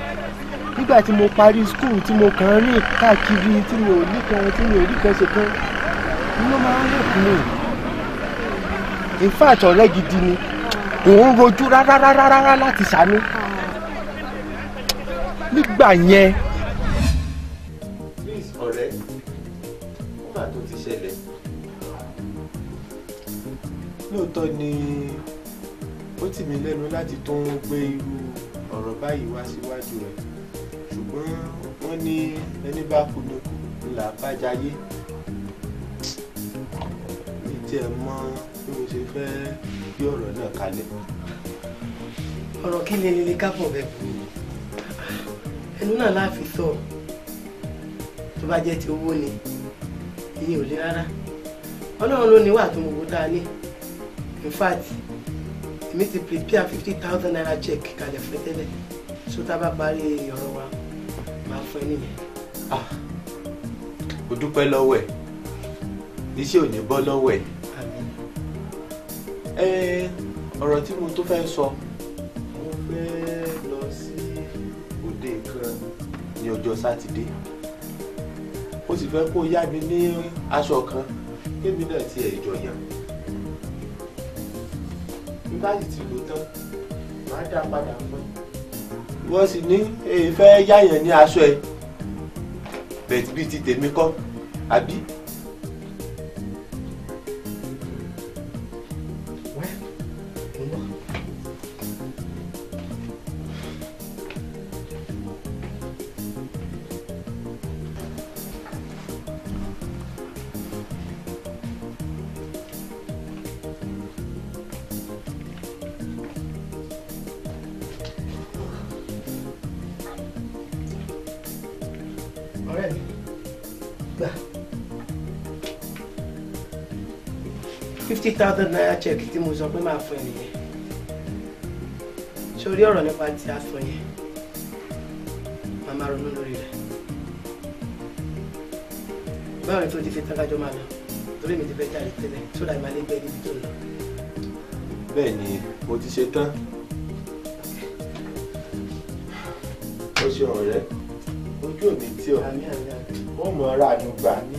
nígbà tí mo parí school tí mo kàn ń rìn káàkiri tí mi ò ní kan tí mi ò rí kan ṣe kan ló máa ń rò fún mi in fact ọ̀rẹ́ gidi ni kò ń rojú rárá rárá rárá láti sàmí nígbà yẹn. please ọ̀rẹ́ nígbà tó ti ṣẹlẹ̀ lóòótọ́ ni ó tì mí lẹ́nu láti tó ń gbé irú ọ̀rọ̀ báyìí wá síwájú rẹ̀ ṣùgbọ́n wọ́n ní ẹni bá kú ni kú ńlá bá jayé tiẹ̀ mọ bí mo ṣe fẹ́ gbé ọ̀rọ̀ náà kalẹ̀. ọ̀rọ̀ kí ni nílé káfọ̀ bẹ́ẹ̀ bù ẹnu náà láàfin sọ tó bá jẹ́ ti owó ni ìyẹn ò lé rárá ọlọ́run ló ní wà tó gbogbo dáa ní in fact èmi ti prepare fifty thousand naira check kalẹ̀ fún tẹ́lẹ̀ so tá a bá parí ọ̀rọ̀ wa máa fún ẹ nìyẹn. ó ah, dúpẹ́ lọ́wọ́ ẹ̀ iṣẹ́ ò ní bọ́ lọ́wọ́ ẹ̀ ọ̀rọ̀ tí mo tó fẹ́ sọ mo fẹ́ lọ sí òde kan ní ọjọ́ sátidé ó sì fẹ́ kó yá mi ní aṣọ kan kébì náà ti ẹ̀ jọ yàn bí bá sì ti lò tán màá dá padà fún wọ́n sì ní èyí fẹ́ yáyàn ní aṣọ ẹ̀ bẹ̀tì bíi ti tèmi kọ́ àbí check tí mo sọ pé máa fún ẹ nìyẹn sórí ọ̀rọ̀ nípa tí a sọ yẹn màmá ronú lórí rẹ̀ báwo ni tó ti fi tágájọ́ máa lọ torí mi ti fẹ́ jáde tẹ́lẹ̀ tó dàgbà lé bẹ́ẹ̀ níbi tó lọ. bẹ́ẹ̀ ni mo ti ṣe tán ó ṣe ọ̀rẹ́ ojú òbí tí ọ wọ́n mọ ara àánú gbà ní.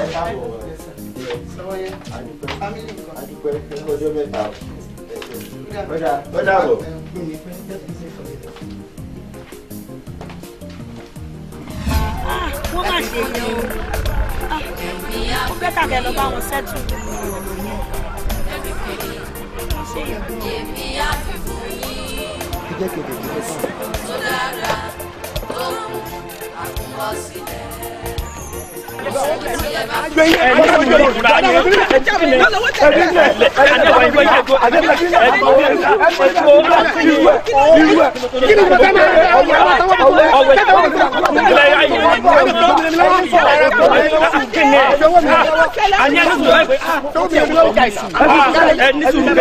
está é é boa. É a de coelho que explodiu o metal. Vai já, vai já, amor. Ah, como assim? Ah, por que tá vendo? Dá um sete. Cheio. O que é que é? Todo mundo, a ẹni sùúrù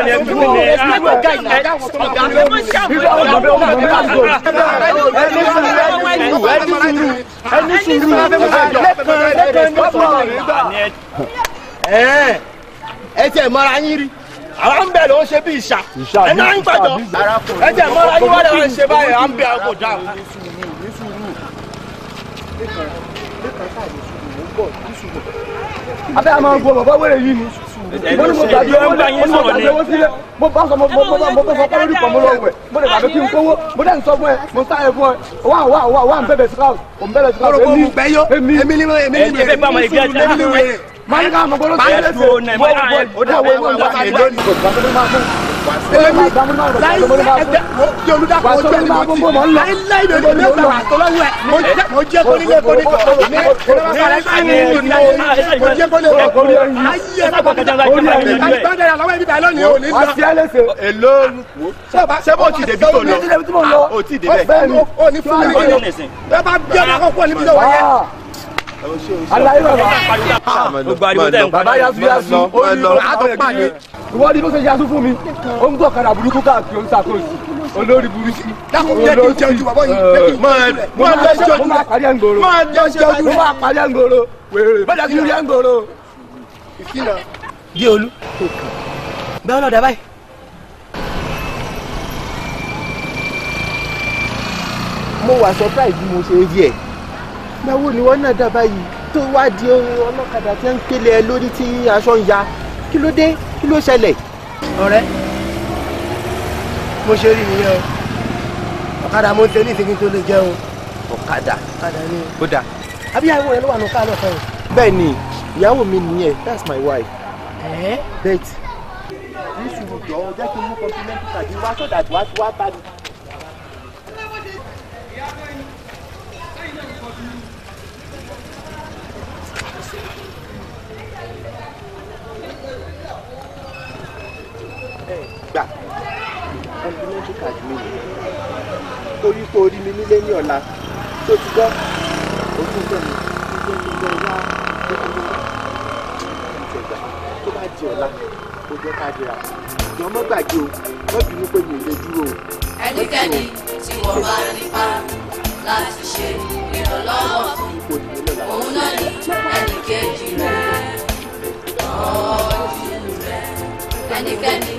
ẹni sùúrù ẹni sùúrù ẹ tiẹ̀ mara yín rí àwa ń bẹ̀ ló ń ṣe bí ìṣà ẹ náà ń gbàjọ ẹ tiẹ̀ mara yín wá lọ́wọ́ ṣe báyìí à ń bẹ̀ ọkọ̀ dà. abẹ́ àmọ́ gbọ́ bàbá wẹ̀rẹ̀ yìí ni mo ní mo gbàgbé owó lẹ mo ní mo gbàgbé owó sílẹ̀ mo bá sọ mo bá mo bá sọ pé lórí pọ̀ mo lọ wẹ̀ mo lè gbàgbé kí n kówó mo dẹ́n sọ fún ẹ mo sá ẹ fún ẹ wà wà wà wà n bẹ̀bẹ̀ sọ́ọ̀ o n bẹ̀bẹ̀ sọ́ọ̀ èmi èmi èmi ni èmi ni èmi ni èmi ni wẹ̀. máa ní ká tó yẹ lẹ́sẹ̀ èmi láyé ẹgbẹ́ tí olùdàpọ̀ ojú ẹni mo ti láyé láyé bèbè mi ọ̀sán àtọ́lọ́wọ́ ẹ̀ mo jẹ́ kó nílé kó níjọ ní mo jẹ́ kó nílé kó níjọ baba yasu yasu o yi lọ a tó pa ni ìwọ ni bó ṣe yasu fún mi ó ń gbọ̀kadà burúkú káàkiri ó ń ṣàkóso olórí burúkú. dákun jẹ́ kí n jẹ ojú bàbá yìí. máa máa lọ jẹ ojú máa parí ẹ̀ngòrò máa jẹ ojú rẹ̀ máa parí ẹ̀ngòrò wèrè bẹ́ẹ̀ kí n rí ẹ̀ngòrò. di olú bẹ́ẹ̀ lọ́dà báyìí. mo wà surprise bí mo ṣe rí ẹ̀ báwo ni wọ́n náà dá báyìí tó wá di ọlọ́kadà tí ń pélé ẹ lórí tí aṣọ ń ya kí ló dé kí ló ṣẹlẹ̀. ọ̀rẹ́ mo ṣe rí nìyẹn o ọ̀kadà mo ń tẹ ní ìsìnkú tó lè jẹun. ọ̀kadà ọ̀kadà ni. ó dáa. àbí àwọn ẹ̀ ló wà ní káàlọ́ fẹ́ bẹ́ẹ̀ ni ìyàwó mi nìyẹn that's my wife. ẹ̀ẹ́ bẹ́ẹ̀ tí. ní sùúrù jẹ́ kí n mú kọ́ńtínẹ́ńtì tàbí wá sódà tí wá ti wá bá mi. kà complimentary card mi nìyẹn torí pé orí mi nílé ní ọ̀la tó ti gbọ́ òtún bẹ́ẹ̀ ni ìgbẹ́ mi lọ wá ìjọba tó bá di ọ̀la ó jẹ́ ká dira ìjọba mọ́ gbàgbé o wọ́n bínú pé mi ò lè dúró o. ẹnikẹ́ni tí wọ́n bá nípa láti ṣe ìrànlọ́wọ́ òun náà ni ẹnìkejì rẹ̀ ọ̀ọ́dún rẹ̀ ẹnikẹ́ni.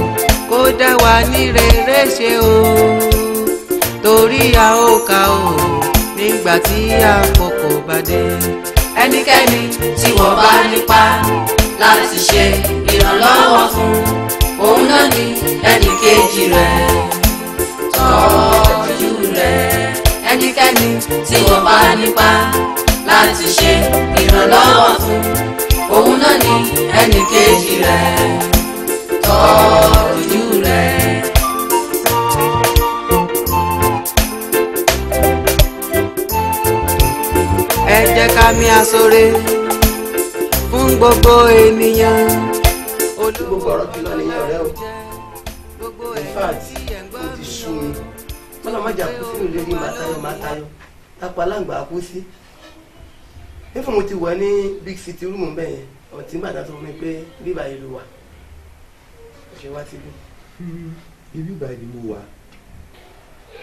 kó dá wa ní rere ṣe o torí a ó kà o nígbà tí àkókò bá dé. ẹnikẹ́ni tí wọ́n bá nípa láti ṣe ìrànlọ́wọ́ fún òun náà ni ẹnìkejì rẹ̀ tọ́jú rẹ̀ ẹnikẹ́ni tí wọ́n bá nípa láti ṣe ìrànlọ́wọ́ fún òun náà ni ẹnìkejì rẹ̀ tọ́jú ojú rẹ. ẹ jẹ́ ká mi àsọ̀rẹ́ fún gbogbo ènìyàn. gbogbo ọ̀rọ̀ kìlọ̀ nìyẹn ọ̀rẹ́ o in fact o ti sú mi kọ́nà má jà kú sínú ilé ní màtáyọ̀ màtáyọ̀ lápá aláǹgbá kú sí. nífọ̀n mo ti wà ní big city rúùmù bẹ́ẹ̀ yẹn ọ̀tí gbàdá sọ fún mi pé bíbá ìlú wà ṣe wá síbí hmm, ibi ìgbà ni mo wà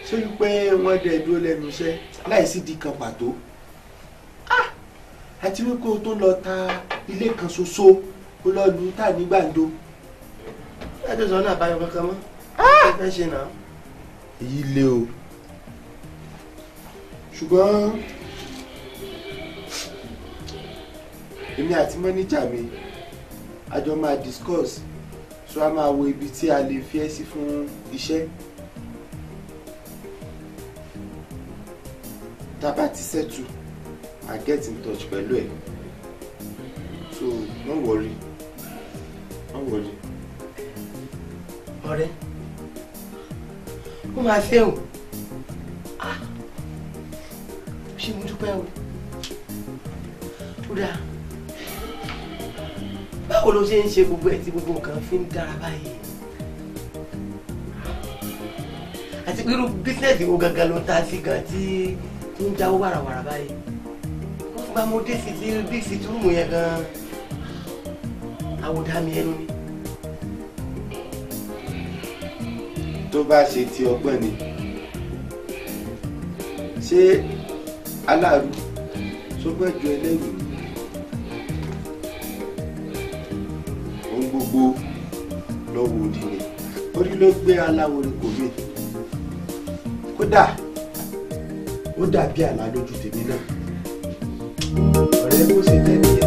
sórí pé wọ́n dẹ dúró lẹ́nu iṣẹ́ láìsí di kan pàtó ah! àti wípé o tó lọ ta ilé kan ṣoṣo o lọ lu ta ní gbàǹdo láti sọ náà báyọ̀ kankan mọ́ ah! ẹ fẹ́ ṣe náà. èyí le o ṣùgbọ́n èmi àti mọ́níjà mi a jọ máa discuss so a máa wo ibi tí a lè fi ẹ́ sí fún iṣẹ́ tábà ti settle i get in touch pẹ̀lú ẹ̀ so no worry no worry. ọ̀rẹ́ ó máa fẹ́ o ah, ṣé mo dúpẹ́ o ó dáa báwo ló ṣe ń ṣe gbogbo ẹ̀ tí gbogbo nǹkan fi ń dára báyìí àti irú bísíǹsì wo gangan ló ń ta sí gan tí tó ń jáwó wàràwàrà báyìí wọ́n fún bá dé sí ti big city yẹn gan àwòdà mi ẹnu ni. tó bá ṣe ti ọgbọ́n ni ṣé aláàrú sọgbọ́n ju ẹlẹ́rìí ló gbé aláwo ni kò lè kódà ó dàbí àlá lójú tèmi náà ọ̀rẹ́ kò sì tẹ́lẹ̀.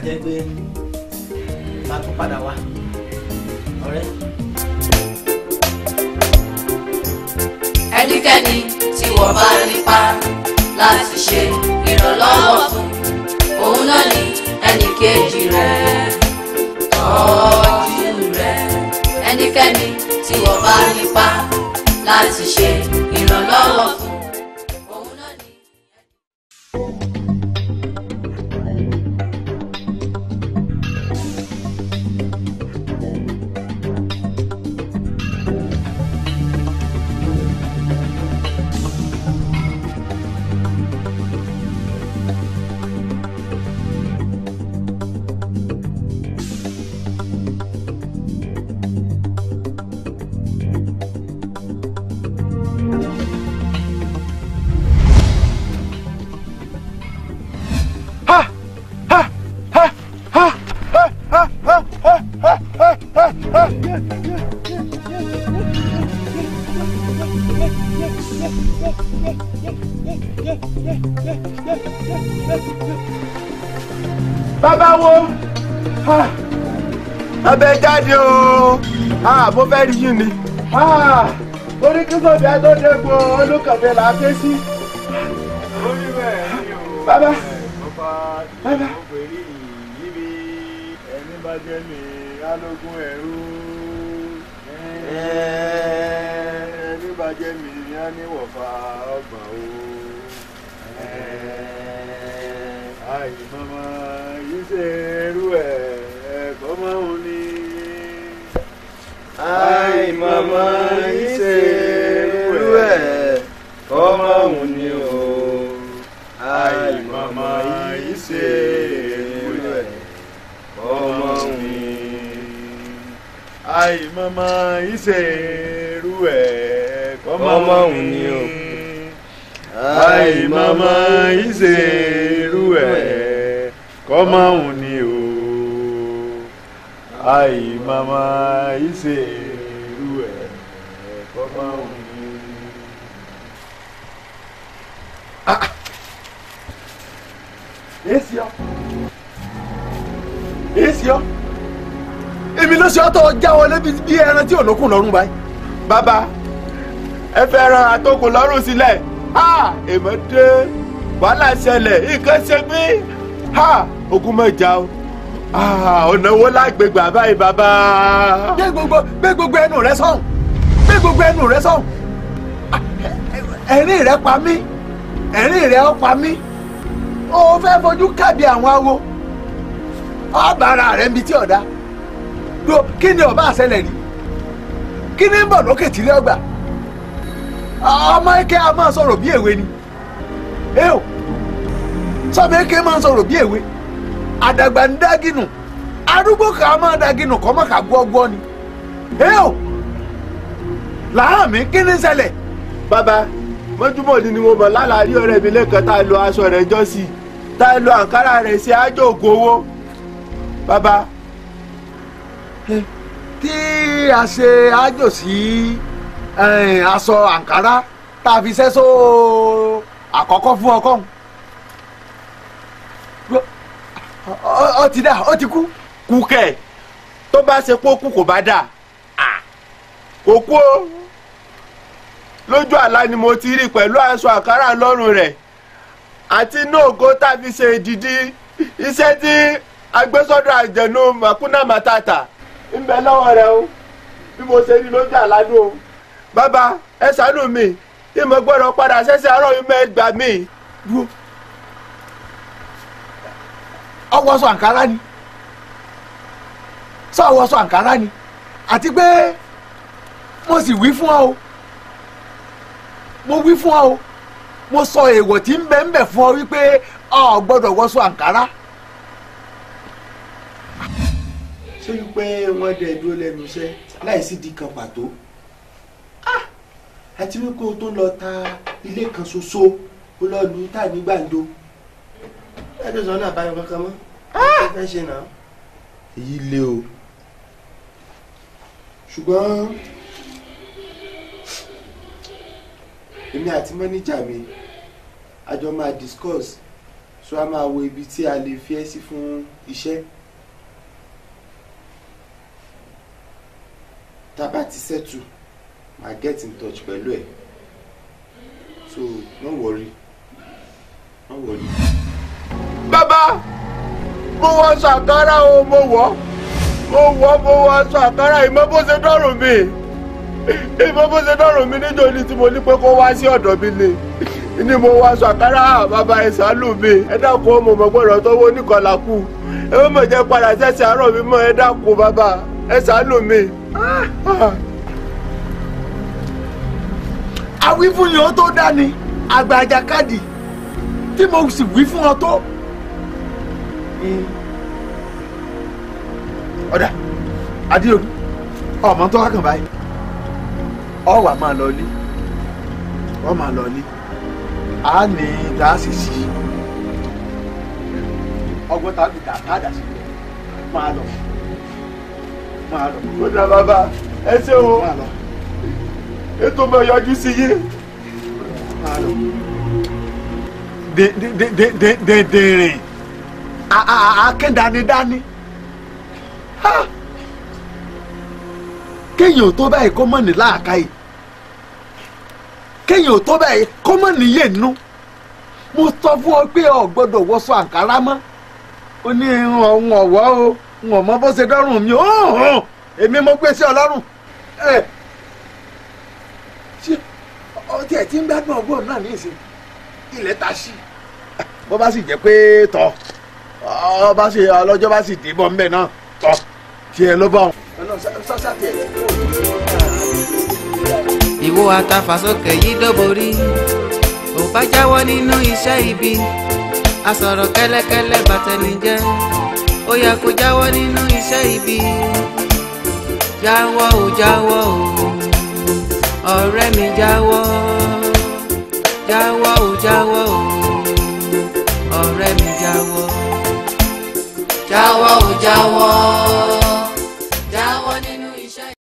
àjẹ́ pé máa tún padà wá ọ̀rẹ́. ẹnikẹ́ni tí wọ́n bá nípa láti ṣe ìrànlọ́wọ́ fún òun náà ni ẹnì kejì rẹ̀ tọ́jú rẹ̀ ẹnikẹ́ni tí wọ́n bá nípa láti ṣe ìrànlọ́wọ́ fún. yín ni. orí kíkọ́ bí adọ́dẹ gbọ́ olókàbẹ là á fẹ́ sí. bàbá bàbá. ẹni bá jẹ́ mi alógún ẹ̀rú àìmọ̀mọ́ ìṣe irú ẹ̀ kọ́mọ òun ni o àìmọ̀mọ́ ìṣe irú ẹ̀ kọ́mọ òun ni àìmọ̀mọ́ ìṣe irú ẹ̀ kọ́mọ òun ni o àìmọ̀mọ́ ìṣe irú ẹ̀ kọ́mọ Ayi mama ise eru ẹ ẹkọ máa wù mí. Ah, ah. Èsì ọ. Èsì ọ. Èmi ló ṣe ọ́tọ̀ jáwọ́ lébi bí ẹran tí ònàkùn lọ́rùn báyìí. Bàbá ẹ fẹ́ ran àtòkù lọ́rùn sílẹ̀. Ha èmọ̀ dé wàhálà ṣẹlẹ̀ nǹkan ṣe mí. Ha ogun mẹ́ja o. Ah, ọ̀nà wo lágbègbè báyìí bàbá. gbé gbogbo gbé gbogbo ẹnu rẹ sọ̀hún gbé gbogbo ẹnu rẹ sọ̀hún ẹ̀rín rẹ pa mí ẹ̀rín rẹ ó pa mí ó fẹ́ fojú káàdì àwọn awo ọba ara rẹ ń bi tí ọ̀dà do kí ni ọba àṣẹlẹ̀ rí kí ni ń bọ̀ lókè tí lé ọgbà ọmọ eke a máa sọ̀rọ̀ bí èwe ni ẹ o sọmọ eke máa sọ̀rọ̀ bí èwe àdàgbà ń dágìnù arúgbó kà á máa dágìnù kọ́ mọ́ kà gbọ́gbọ́ ni. eo làámi kí ni ṣẹlẹ̀. bàbá mọ́júmọ́ ni ni mo mọ̀ lálàárí ọ̀rẹ́ mi lẹ́kàn tá a lo aṣọ rẹ̀ jọ́sí tá a lo àǹkárá rẹ̀ sí àjò ògowó. bàbá tí a ṣe àjò sí aṣọ àǹkárá tá a fi ṣẹ́ṣọ́ àkọ́kọ́ fún ọkọ́hún. ọ ti dà ọ ti kú. kú kẹ tó bá ṣe pé kú kò bá dà ó kú o lójú àlá ni mo ti rí pẹ̀lú aṣọ àkàrà lọ́rùn rẹ̀ àti inú tàbí ṣe ìdìdí iṣẹ́ tí agbésọ́dọ̀ makuna matata ń bẹ lọ́wọ́ rẹ̀ o bí mo ṣe rí lójú àlá o. bàbá ẹ ṣàánú mi ìmọ̀ gbọ́dọ̀ padà àárọ̀ yìí mi. ọwọ́ sọ àǹkárá ni sọ ọwọ́ sọ àǹkárá ni àti pé mo sì wí fún ọ o mo wí fún ọ o mo sọ èèwọ̀ tí ń bẹ ń bẹ fún ọ wípé ọ gbọ́dọ̀ wọ́sọ àǹkárá. ṣé wípé wọ́n dẹ̀ dúró lẹ́nu iṣẹ́ láìsí di kan pàtó ah! àti wípé o tó lọ ta ilé kan ṣoṣo ó lọ tà ní gbàǹjo ẹjọ́ sọ náà báyọ̀ kankan mọ́ ẹ ah! fẹ́ ṣe náà. èyí le o ṣùgbọ́n èmi àti mọ́níjà mi a jọ máa discuss so a máa wo ibi tí a lè fi ẹ́ sí fún iṣẹ́. tábà ti sẹ́tù máa get in touch pẹ̀lú ẹ̀ so no worry no worry. Baba, mo wọ sàkárà o mo wọ mo wọ mo wọ sàkárà ìmọ̀ bó ṣe dọ́rùn mi ìmọ̀ bó ṣe dọ́rùn mi nítorí tí mo ní pé kó wá sí ọ̀dọ̀ mi ni ni mo wá sàkárà bàbá ìsàlù mi ẹ dákun mo mọ̀ gbọ́dọ̀ tọ́wọ́ oníkọlà kù ẹ mọ̀ mọ̀ jẹ́ padà sẹ́sẹ̀ àárọ̀ mi mọ́ ẹ dákun bàbá ẹ ṣàánú mi. àwífún yìí ó tó dání àgbà àjàkadì tí mo sì wí fún ọ tó ọ̀dà adéolú ọmọ tó wákàn báyìí ọ wà máa lọ ní ọ máa lọ ní a ní dáàsì sí ọgbọ́n tàbí tàbí àdàsí máa lọ máa lọ. ó dá bàbá ẹ ṣé o ètò máa yọjú sí yé. máa lọ. dèrè akíndánidání kéèyàn ò tó báyìí kó mọ̀ ní làákàyè kéèyàn ò tó báyìí kó mọ̀ níyè nú mo sọ fún ọ pé o gbọ́dọ̀ wọṣọ àǹkárá mọ́ ó ní ọ̀hún ọ̀wọ́ o n ò mọ bó ṣe dọ́rùn mi ọ̀hún èmi mo gbé sí ọlọ́run ẹ̀ ṣé ọtí ẹ̀ tí ń gbádùn ọgbọ́n náà ní ìsìn ilẹ̀ ta sí bó bá sì jẹ́ pé tọ́ ọba ah, ah, sì ọlọ́jọ́ bá sì dìbọ̀ ńbẹ̀ náà tọ́ tiẹ̀ ló bá wọn. ìwo àtàfàsókè yìí dóborí ò bá jáwọ́ nínú iṣẹ́ ibi asọ̀rọ̀ kẹ́lẹ́kẹ́lẹ́ bàtẹ́nijẹ́ ó yẹ kó jáwọ́ nínú iṣẹ́ ibi jáwọ́ ò jáwọ́ ò ọ̀rẹ́ mi jáwọ́ jáwọ́ ò jáwọ́ ò. jáwọ́ ò jáwọ́.